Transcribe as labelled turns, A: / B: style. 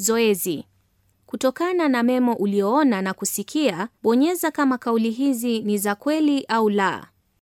A: Zoezi. Kutokana na memo ulioona na kusikia, bonyeza kama kauli hizi ni za kweli au la.